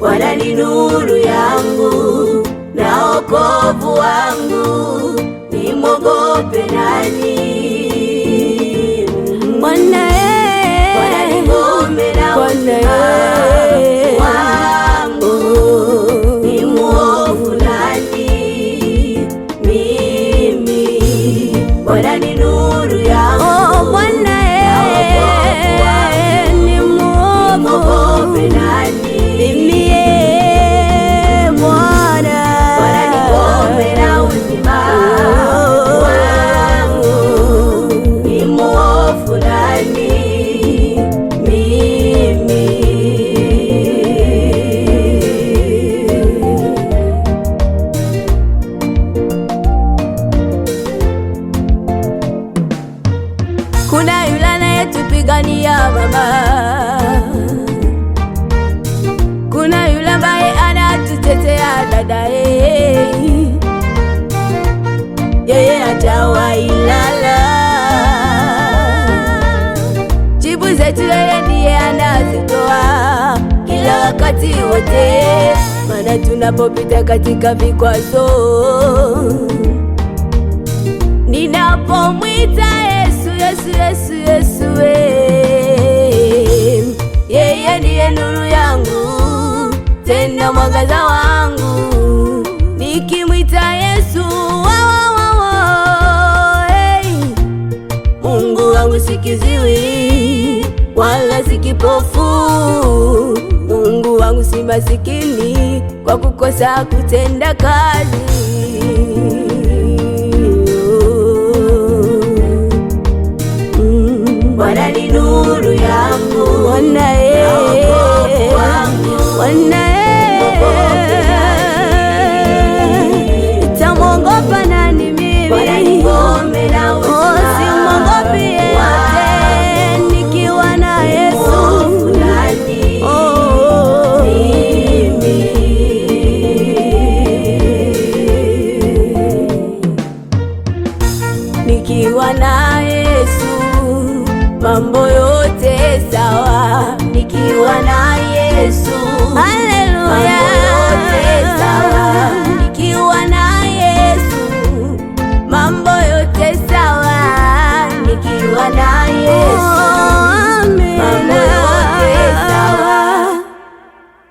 Bwana ni nuru yangu na wokovu wangu, nimwogope kuna yule anayetupigania baba, kuna yule ambaye anatutetea dada, yeye atawailala jibu zetu, yeye ndiye anazitoa kila wakati wote, maana tunapopita katika vikwazo ninapomwita Yesu, Yesu we, yeye ndiye nuru yangu tena mwangaza wangu, nikimwita Yesu wa hey, Mungu wangu sikiziwi wala sikipofu, Mungu wangu si masikini kwa kukosa kutenda kazi. nikiwa na Yesu mambo yote sawa, nikiwa na Yesu.